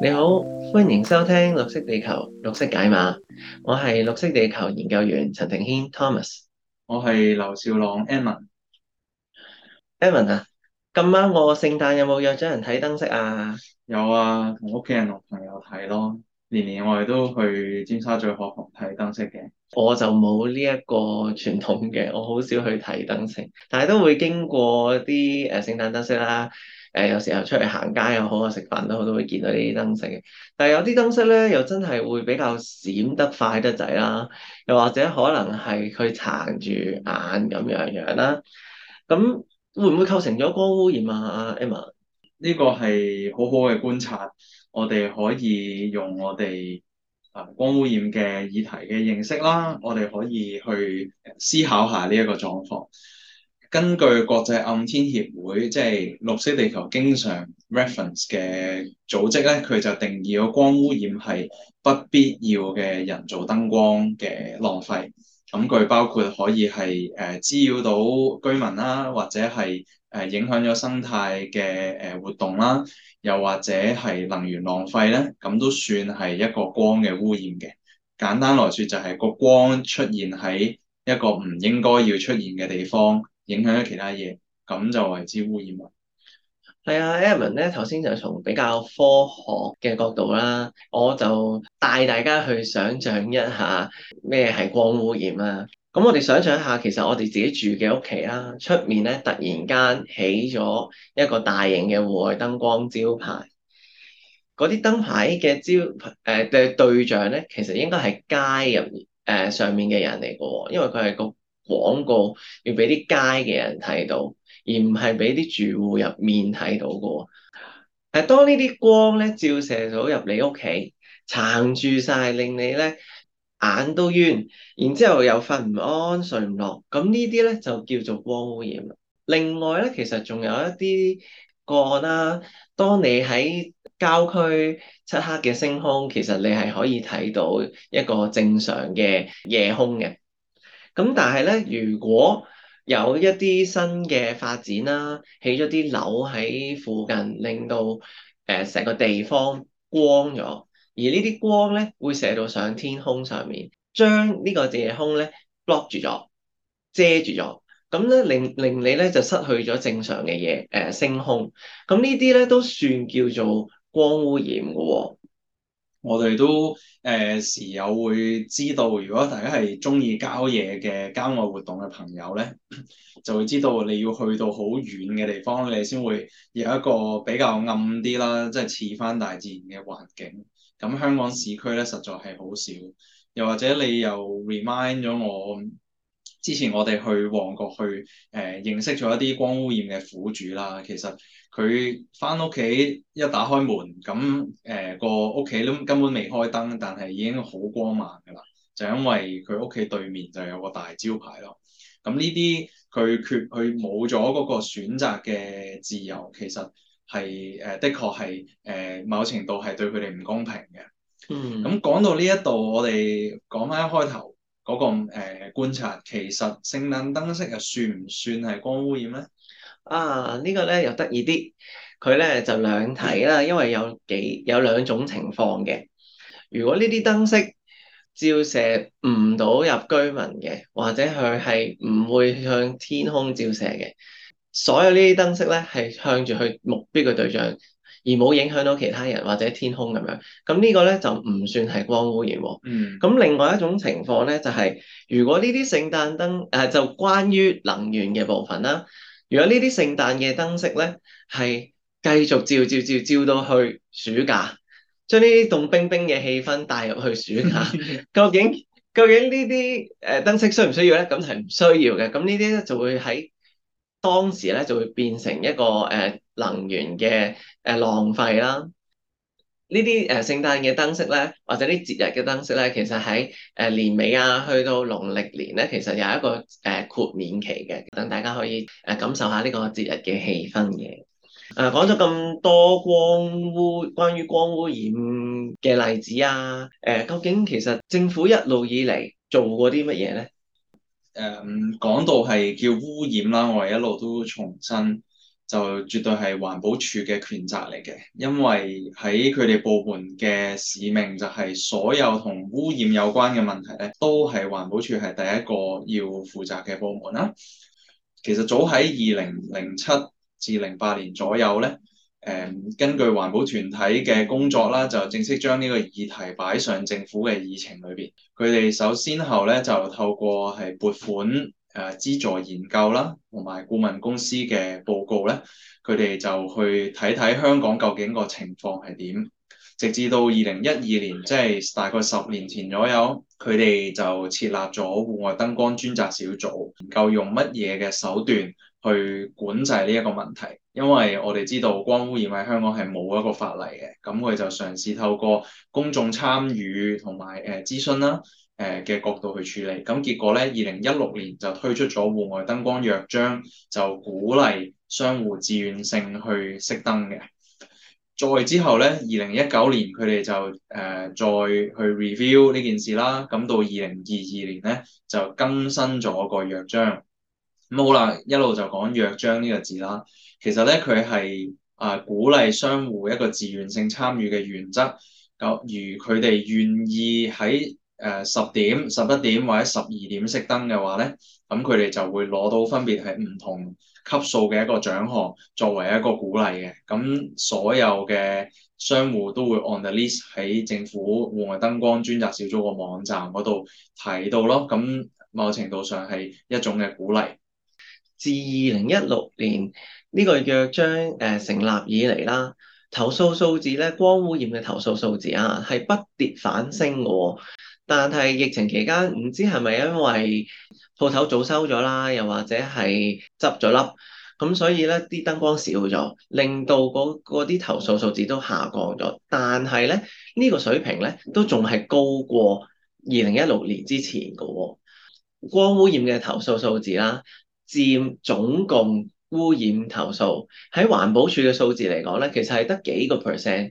你好，歡迎收聽綠惜地球綠惜解碼，我係綠惜地球研究員陳霆軒 Thomas，我係劉兆朗 Edmond，Edmond 啊，咁啱我聖誕有冇約咗人睇燈飾啊？有啊，同屋企人同朋友睇咯，年年我哋都去尖沙咀學房睇燈飾嘅，我就冇呢一個傳統嘅，我好少去睇燈飾，但係都會經過啲誒聖誕燈飾啦。誒、呃、有時候出去行街又好啊，食飯都好，都會見到呢啲燈飾。但係有啲燈飾咧，又真係會比較閃得快得滯啦，又或者可能係佢殘住眼咁樣樣啦。咁會唔會構成咗光污染啊？Edmond，呢個係好好嘅觀察。我哋可以用我哋啊光污染嘅議題嘅認識啦，我哋可以去思考下呢一個狀況。根據國際暗天協會，即係綠色地球經常 reference 嘅組織咧，佢就定義咗光污染係不必要嘅人造燈光嘅浪費。咁佢包括可以係誒、呃、滋擾到居民啦，或者係誒、呃、影響咗生態嘅誒活動啦，又或者係能源浪費咧，咁都算係一個光嘅污染嘅。簡單來說，就係，就係個光出現喺一個唔應該要出現嘅地方。影響咗其他嘢，咁就為之污染物。係啊，Edmond 咧頭先就從比較科學嘅角度啦，我就帶大家去想像一下咩係光污染啦，啊。咁我哋想像一下，其實我哋自己住嘅屋企啦，出面咧突然間起咗一個大型嘅戶外燈光招牌，嗰啲燈牌嘅招牌誒嘅、呃、對，對象咧，其實應該係街入誒、呃、上面嘅人嚟嘅喎，因為佢係個。廣告要俾啲街嘅人睇到，而唔係俾啲住戶入面睇到嘅喎。誒，當呢啲光咧照射咗入你屋企，撐住晒令你咧眼都冤，然之後又瞓唔安、睡唔落，咁呢啲咧就叫做光污染。另外咧，其實仲有一啲個案啦。當你喺郊區漆黑嘅星空，其實你係可以睇到一個正常嘅夜空嘅。咁但係咧，如果有一啲新嘅發展啦，起咗啲樓喺附近，令到誒成、呃、個地方光咗，而呢啲光咧會射到上天空上面，將呢個夜空咧 block 住咗，遮住咗，咁咧令令你咧就失去咗正常嘅嘢誒星空，咁呢啲咧都算叫做光污染嘅喎、哦。我哋都誒、呃、時有會知道，如果大家係中意郊野嘅郊外活動嘅朋友咧，就會知道你要去到好遠嘅地方，你先會有一個比較暗啲啦，即係似返大自然嘅環境。咁香港市區咧，實在係好少。又或者你又 remind 咗我。之前我哋去旺角去，誒、呃、認識咗一啲光污染嘅苦主啦。其實佢翻屋企一打開門，咁誒個屋企都根本未開燈，但係已經好光猛㗎啦。就因為佢屋企對面就有個大招牌咯。咁呢啲佢缺佢冇咗嗰個選擇嘅自由，其實係誒、呃、的確係誒、呃、某程度係對佢哋唔公平嘅。嗯。咁講到呢一度，我哋講翻一開頭。嗰個誒觀察，其實聖誕燈飾又算唔算係光污染咧？啊，這個、呢個咧又得意啲，佢咧就兩睇啦，因為有幾有兩種情況嘅。如果呢啲燈飾照射唔到入居民嘅，或者佢係唔會向天空照射嘅，所有燈呢啲燈飾咧係向住佢目標嘅對象，而冇影響到其他人或者天空咁樣，咁呢個咧就唔算係光污染喎。咁、嗯、另外一種情況咧，就係、係、如果呢啲聖誕燈誒、呃、就關於能源嘅部分啦。如果呢啲聖誕嘅燈飾咧係繼續照照，照照照照到去暑假，將呢啲凍冰冰嘅氣氛帶入去暑假， 究竟究竟呢啲誒燈飾需唔需要咧？咁係唔需要嘅。咁呢啲咧就會喺。當時咧就會變成一個誒、呃、能源嘅誒浪費啦。呃、誕呢啲誒聖誕嘅燈飾咧，或者啲節日嘅燈飾咧，其實喺誒、呃、年尾啊，去到農曆年咧，其實有一個誒、呃、豁免期嘅，等大家可以誒感受下呢個節日嘅氣氛嘅。誒講咗咁多光污，關於光污染嘅例子啊，誒、呃、究竟其實政府一路以嚟做過啲乜嘢咧？誒，講、um, 到係叫污染啦，我哋一路都重申，就絕對係環保署嘅權責嚟嘅，因為喺佢哋部門嘅使命就係所有同污染有關嘅問題咧，都係環保署係第一個要負責嘅部門啦。其實早喺二零零七至零八年左右咧，根據環保團體嘅工作啦，就正式將呢個議題擺上政府嘅議程裏邊。佢哋首先後咧就透過係撥款誒資助研究啦，同埋顧問公司嘅報告咧，佢哋就去睇睇香港究竟個情況係點。直至到二零一二年，即係大概十年前左右，佢哋就設立咗戶外燈光專責小組，研究用乜嘢嘅手段，去管制呢一個問題，因為我哋知道光污染喺香港係冇一個法例嘅，咁佢就嘗試透過公眾參與同埋誒諮詢啦，誒嘅角度去處理，咁結果咧，二零一六年就推出咗戶外燈光約章，就鼓勵商戶自願性去熄燈嘅。再之後咧，二零一九年佢哋就誒、呃、再去 review 呢件事啦，咁到二零二二年咧就更新咗個約章。咁、嗯、好啦，一路就講約章呢、這個字啦。其實咧，佢係啊鼓勵商戶一個自願性參與嘅原則。咁如佢哋願意喺誒十點、十一點或者十二點熄燈嘅話咧，咁佢哋就會攞到分別係唔同級數嘅一個獎項，作為一個鼓勵嘅。咁、嗯、所有嘅商戶都會 on the list 喺政府戶外燈光專責小組個網站嗰度睇到咯。咁、嗯、某程度上係一種嘅鼓勵。自二零一六年呢、呢個約章誒、呃、成立以嚟啦，投訴數字咧光污染嘅投訴數字啊，係不跌反升嘅、哦。但係疫情期間，唔知係咪因為鋪頭早收咗啦，又或者係執咗粒，咁所以咧啲燈光少咗，令到嗰啲投訴數字都下降咗。但係咧呢、呢個水平咧都仲係高過二零一六年之前嘅、哦、光污染嘅投訴數字啦。佔總共污染投訴喺環保署嘅數字嚟講咧，其實係得幾個 percent。誒、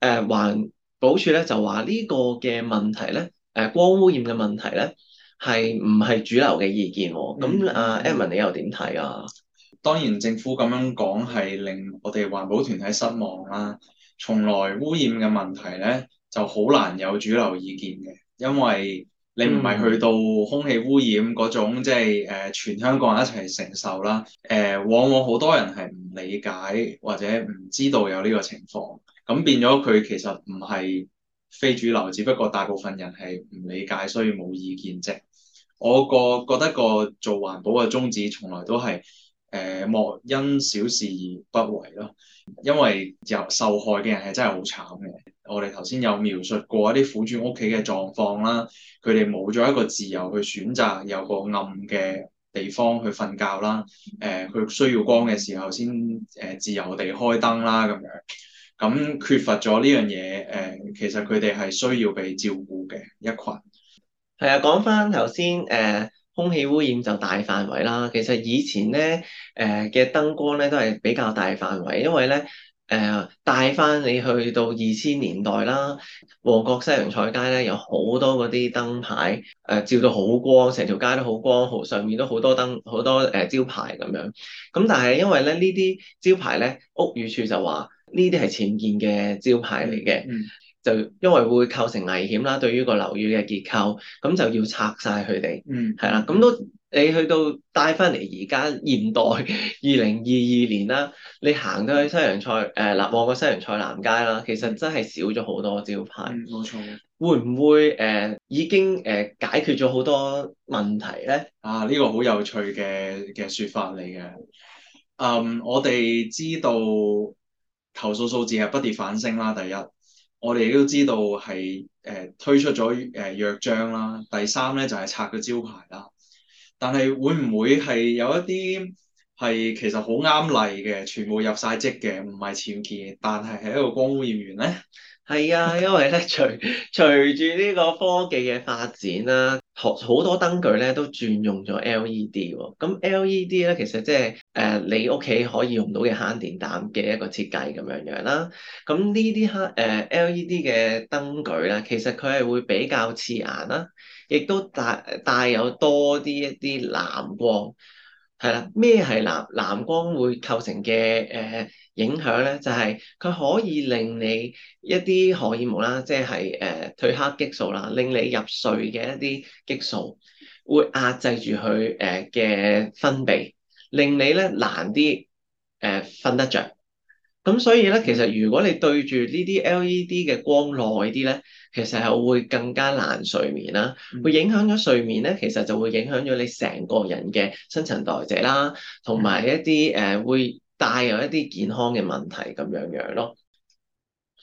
呃、環保署咧就話呢個嘅問題咧，誒、呃、光污染嘅問題咧係唔係主流嘅意見。咁、嗯嗯、啊，Edmond 你又點睇啊？當然政府咁樣講係令我哋環保團體失望啦。從來污染嘅問題咧就好難有主流意見嘅，因為你唔係去到空氣污染嗰種，即係誒、呃、全香港人一齊承受啦。誒、呃，往往好多人係唔理解或者唔知道有呢個情況，咁變咗佢其實唔係非主流，只不過大部分人係唔理解，所以冇意見啫。我個覺得個做環保嘅宗旨，從來都係誒、呃、莫因小事而不為咯，因為受受害嘅人係真係好慘嘅。我哋頭先有描述過一啲苦主屋企嘅狀況啦，佢哋冇咗一個自由去選擇有個暗嘅地方去瞓覺啦，誒、呃、佢需要光嘅時候先誒、呃、自由地開燈啦咁樣，咁缺乏咗呢樣嘢誒、呃，其實佢哋係需要被照顧嘅一群。係啊，講翻頭先誒空氣污染就大範圍啦，其實以前咧誒嘅燈光咧都係比較大範圍，因為咧。誒、呃、帶翻你去到二千年代啦，旺角西洋菜街咧有好多嗰啲燈牌，誒照到好光，成條街都好光，好上面都好多燈，好多誒招牌咁樣。咁但係因為咧呢啲招牌咧，屋宇署就話呢啲係僭建嘅招牌嚟嘅。嗯就因為會構成危險啦，對於個樓宇嘅結構，咁就要拆晒佢哋。嗯。係啦，咁都你去到帶翻嚟而家現代二零二二年啦，你行到去西洋菜誒南，望、呃、個西洋菜南街啦，其實真係少咗好多招牌。冇、嗯、錯。會唔會誒、呃、已經誒、呃、解決咗好多問題咧？啊，呢、這個好有趣嘅嘅説法嚟嘅。嗯，我哋知道投訴數字係不跌反升啦。第一。我哋亦都知道係誒、呃、推出咗誒約章啦，第三咧就係、是、拆嘅招牌啦。但係會唔會係有一啲係其實好啱例嘅，全部入晒職嘅，唔係僭建，但係係一個光污染源咧？係 啊，因為咧隨隨住呢個科技嘅發展啦、啊。好多燈具咧都轉用咗 LED 喎、哦，咁 LED 咧其實即係誒你屋企可以用到嘅慳電膽嘅一個設計咁樣樣啦。咁呢啲慳誒 LED 嘅燈具咧，其實佢係會比較刺眼啦，亦都帶帶有多啲一啲藍光，係啦。咩係藍藍光會構成嘅誒？呃影響咧就係、是、佢可以令你一啲荷爾蒙啦，即係誒褪黑激素啦，令你入睡嘅一啲激素會壓制住佢誒嘅分泌，令你咧難啲誒瞓得着。咁所以咧，其實如果你對住呢啲 LED 嘅光耐啲咧，其實係會更加難睡眠啦。嗯、會影響咗睡眠咧，其實就會影響咗你成個人嘅新陳代謝啦，同埋一啲誒、嗯呃、會。帶有一啲健康嘅問題咁樣樣咯，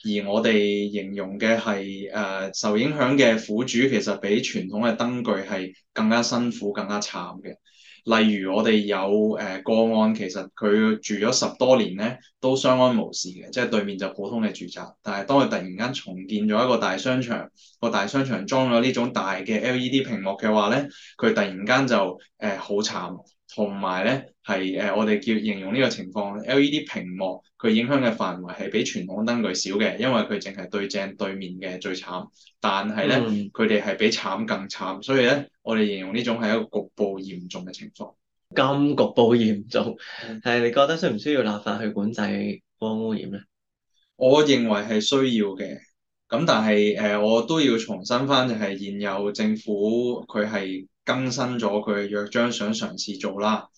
而我哋形容嘅係誒受影響嘅苦主其實比傳統嘅燈具係更加辛苦、更加慘嘅。例如我哋有誒、呃、個案，其實佢住咗十多年咧都相安無事嘅，即係對面就普通嘅住宅。但係當佢突然間重建咗一個大商場，個大商場裝咗呢種大嘅 LED 屏幕嘅話咧，佢突然間就誒好慘，同埋咧。係誒，我哋叫形容呢個情況，LED 屏幕佢影響嘅範圍係比傳統燈具少嘅，因為佢淨係對正對面嘅最慘。但係咧，佢哋係比慘更慘，所以咧，我哋形容呢種係一個局部嚴重嘅情況。咁局部嚴重，係你覺得需唔需要立法去管制光污染咧？我認為係需要嘅。咁但係誒、呃，我都要重申翻就係現有政府佢係更新咗佢嘅約章，想嘗試做啦。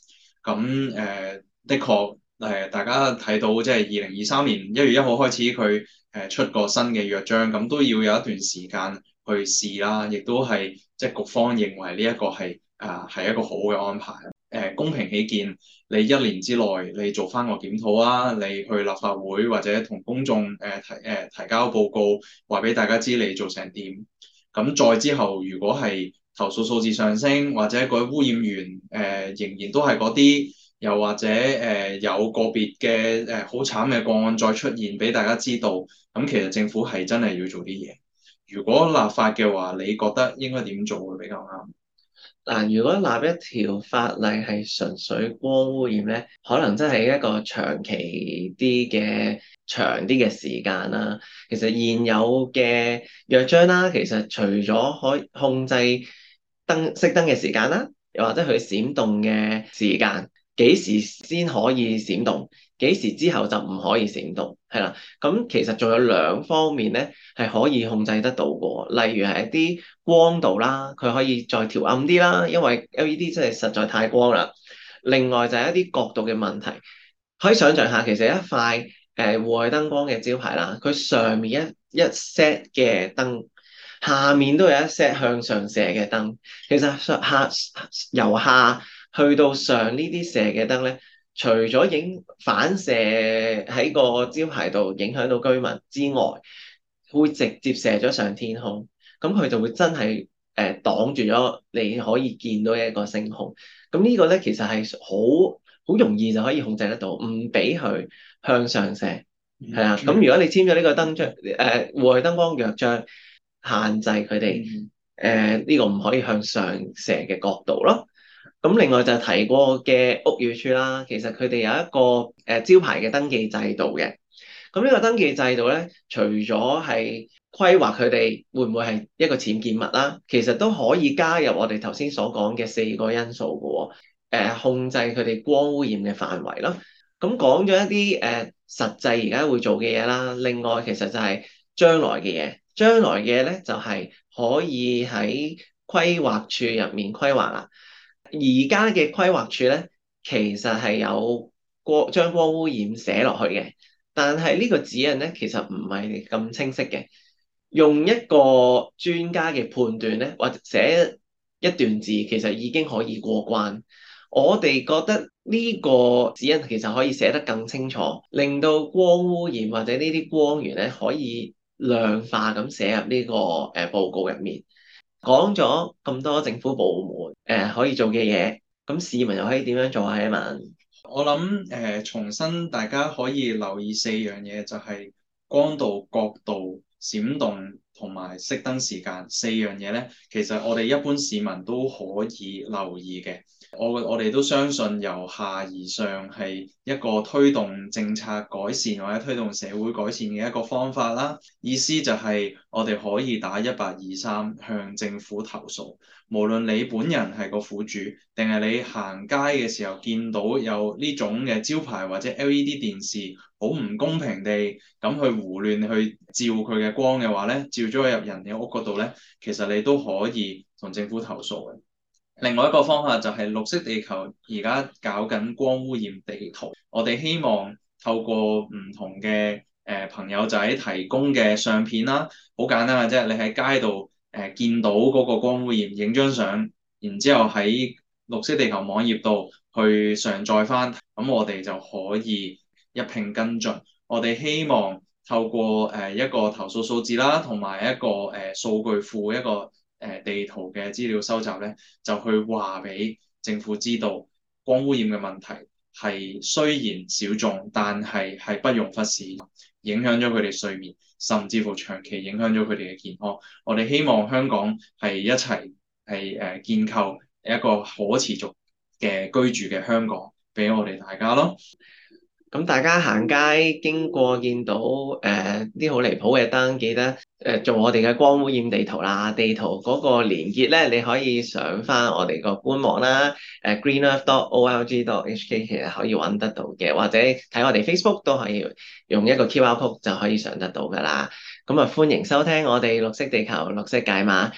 咁誒、嗯，的確誒、呃，大家睇到即係二零二三年一月一號開始佢誒、呃、出個新嘅約章，咁都要有一段時間去試啦，亦都係即係局方認為呢一個係啊係一個好嘅安排。誒、呃、公平起見，你一年之內你做翻個檢討啊，你去立法會或者同公眾誒、呃、提誒、呃、提交報告，話俾大家知你做成點。咁、嗯、再之後，如果係，投訴數字上升，或者嗰污染源，誒、呃、仍然都係嗰啲，又或者誒、呃、有個別嘅誒好慘嘅個案再出現俾大家知道，咁、嗯、其實政府係真係要做啲嘢。如果立法嘅話，你覺得應該點做會比較啱？嗱，如果立一條法例係純粹光污染咧，可能真係一個長期啲嘅長啲嘅時間啦。其實現有嘅約章啦，其實除咗可以控制燈熄燈嘅時間啦，又或者佢閃動嘅時間，幾時先可以閃動？幾時之後就唔可以閃動？係啦，咁、嗯、其實仲有兩方面咧，係可以控制得到嘅。例如係一啲光度啦，佢可以再調暗啲啦，因為 LED 真係實在太光啦。另外就係一啲角度嘅問題，可以想像下，其實一塊誒戶外燈光嘅招牌啦，佢上面一一 set 嘅燈。下面都有一些向上射嘅燈。其實上下由下去到上呢啲射嘅燈咧，除咗影反射喺個招牌度影響到居民之外，會直接射咗上天空。咁佢就會真係誒擋住咗你可以見到一個星空。咁呢個咧其實係好好容易就可以控制得到，唔俾佢向上射係啊。咁如果你簽咗呢個燈章誒戶外燈光約章。限制佢哋誒呢個唔可以向上射嘅角度咯。咁另外就提過嘅屋宇署啦，其實佢哋有一個誒、呃、招牌嘅登記制度嘅。咁、嗯、呢、呢個登記制度咧，除咗係規劃佢哋會唔會係一個僭建物啦，其實都可以加入我哋頭先所講嘅四個因素嘅喎、呃。控制佢哋光污染嘅範圍啦。咁講咗一啲誒、呃、實際而家會做嘅嘢啦。另外其實就係將來嘅嘢。將來嘅咧就係可以喺規劃處入面規劃啦。而家嘅規劃處咧，其實係有光將光污染寫落去嘅，但係呢個指引咧，其實唔係咁清晰嘅。用一個專家嘅判斷咧，或者寫一段字，其實已經可以過關。我哋覺得呢個指引其實可以寫得更清楚，令到光污染或者呢啲光源咧可以，量化咁寫入呢、這個誒、呃、報告入面，講咗咁多政府部門誒、呃、可以做嘅嘢，咁市民又可以點樣做下啊嘛？我諗誒、呃，重新大家可以留意四樣嘢，就係、是、光度、角度、閃動同埋熄燈時間四樣嘢咧。其實我哋一般市民都可以留意嘅。我我哋都相信由下而上係一個推動政策改善或者推動社會改善嘅一個方法啦。意思就係我哋可以打一八二三向政府投訴。無論你本人係個苦主，定係你行街嘅時候見到有呢種嘅招牌或者 LED 電視好唔公平地咁去胡亂去照佢嘅光嘅話咧，照咗佢入人嘅屋嗰度咧，其實你都可以同政府投訴嘅。另外一個方法就係綠惜地球而家搞緊光污染地圖，我哋希望透過唔同嘅誒、呃、朋友仔提供嘅相片啦，好簡單嘅啫，你喺街度誒、呃、見到嗰個光污染，影張相，然之後喺綠惜地球網頁度去上載返，咁我哋就可以一併跟進。我哋希望透過誒、呃、一個投訴數字啦，同埋一個誒、呃、數據庫一個。誒，地圖嘅資料收集咧，就去話俾政府知道光污染嘅問題係雖然小眾，但係係不容忽視，影響咗佢哋睡眠，甚至乎長期影響咗佢哋嘅健康。我哋希望香港係一齊係誒建構一個可持續嘅居住嘅香港俾我哋大家咯。咁大家行街經過見到誒啲好離譜嘅燈，記得誒、呃、做我哋嘅光污染地圖啦。地圖嗰個連結呢，你可以上返我哋個官網啦。誒、呃、greenearth.org.hk 其實可以揾得到嘅，或者睇我哋 Facebook 都可以用一個 QR code 就可以上得到㗎喇。咁、嗯、啊，歡迎收聽我哋綠惜地球綠惜解碼，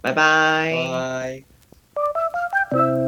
拜拜。Bye.